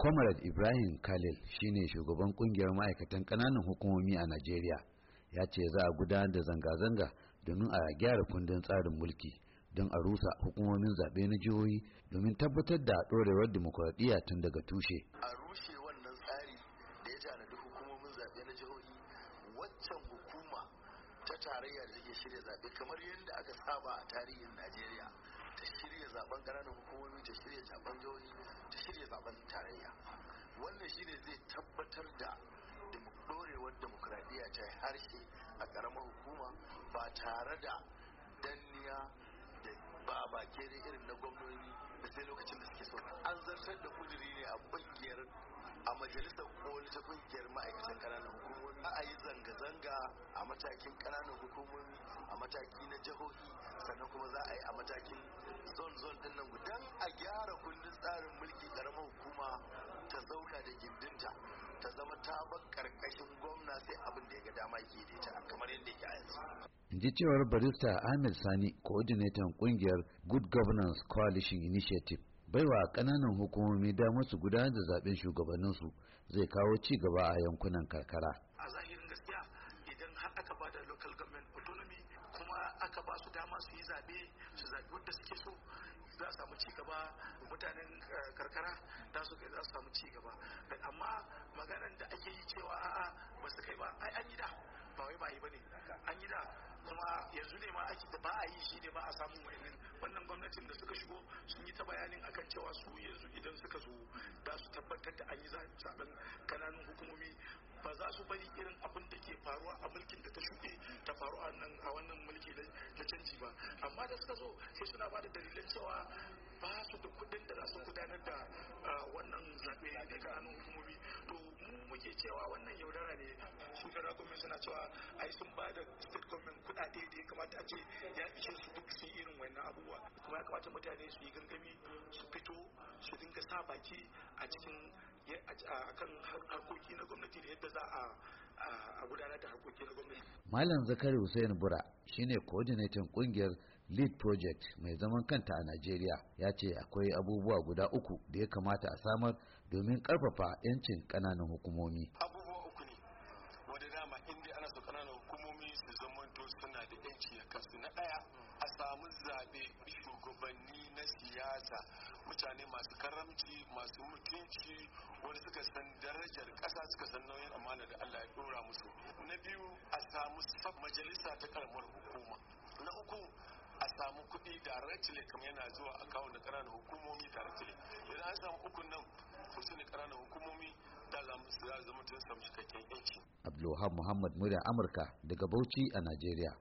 comrade ibrahim khalil shine shugaban kungiyar ma'aikatan kananan hukumomi a najeriya ya ce za a gudanar da zanga-zanga domin a gyara kundin tsarin mulki don a rusa hukumomin zaɓe na jihohi domin tabbatar da ɗorewar dimokuraɗiyya tun daga tushe a rushe wannan tsari da ya tanadi hukumomin zaɓe na jihohi waccan hukuma ta tarayya da take shirya zaɓe kamar yadda aka saba a tarihin najeriya ta shirya zaben ƙananan hukumomi ta shirya zaben jihohi ta shirya zaben tarayya wannan shine zai tabbatar da dorewar demokradiyya ta harshe a ƙaramar hukuma ba tare da danniya da ba bake irin na gwamnoni da sai lokacin da suke so an zartar da kuduri ne a kungiyar a majalisar koli ta kungiyar ma'aikatan ƙananan hukumomi a yi zanga-zanga a matakin ƙananan hukumomi a mataki na jihohi kuma za a yi a matakin zon zon din nan don a gyara kundin tsarin mulki karamar hukuma ta zauna da gindinta ta zama ta bar karkashin gwamna sai abin da ya ga dama ke da ita kamar yadda ya a yanzu ji cewar barista ahmed sani coordinator kungiyar good governance coalition initiative baiwa kananan hukumomi damar su gudanar da zaben shugabanninsu zai kawo ci gaba a yankunan karkara a zaɓe su zaɓi wanda suke so za a samu cigaba mutanen eh, karkara da za su samu cigaba amma maganar da ake yi cewa a'a ba su kai ba ai an yi da ba wai ba yi bane an yi da kuma yanzu ne ma ake ba a yi shi ne ba a samu wayannin wannan gwamnatin da suka shigo sun yi ta bayanin akan cewa su yanzu idan suka zo za su tabbatar da an yi zaɓen kananun hukumomi ba za su bari irin abin da ke faruwa a mulkin da ta canji ba amma da suka zo sai suna ba da dalilan cewa ba su da kudin da su gudanar da ah, wannan zaɓe daga hannun hukumomi to mu muke cewa wannan yaudara ne su federal government suna cewa ai sun ba da state government kudade da ya kamata a ce ya ishe su duk su irin wannan abubuwa kuma ya kamata mutane su yi gangami su fito su dinga sa baki a cikin akan harkoki na gwamnati da yadda za a gudanar da harkoki na gwamnati. Malam Zakari Hussein Bura shine coordinating kungiyar lead project mai zaman kanta a Najeriya ya ce akwai abubuwa guda uku da ya kamata a samar domin karfafa 'yancin kananan hukumomi. Abubuwa uku ne wadda dama inda ana so kananan hukumomi su zamanto suna da 'yanci ya kansu na ɗaya a samu zaɓe shugabanni na siyasa mutane masu karamci masu mutunci wanda suka san darajar ƙasa suka san nauyin amana da Allah ya ɗora musu. Na biyu majalisa ta karamar hukuma na uku a samu kuɗi rachile kamar yana zuwa a kawo da ƙananan hukumomi da rachile idan an samu ukun nan to su ne ƙananan hukumomi da za zama tun samu cikakken yanki Abdulwahab Muhammad Murya Amurka daga Bauchi a Najeriya.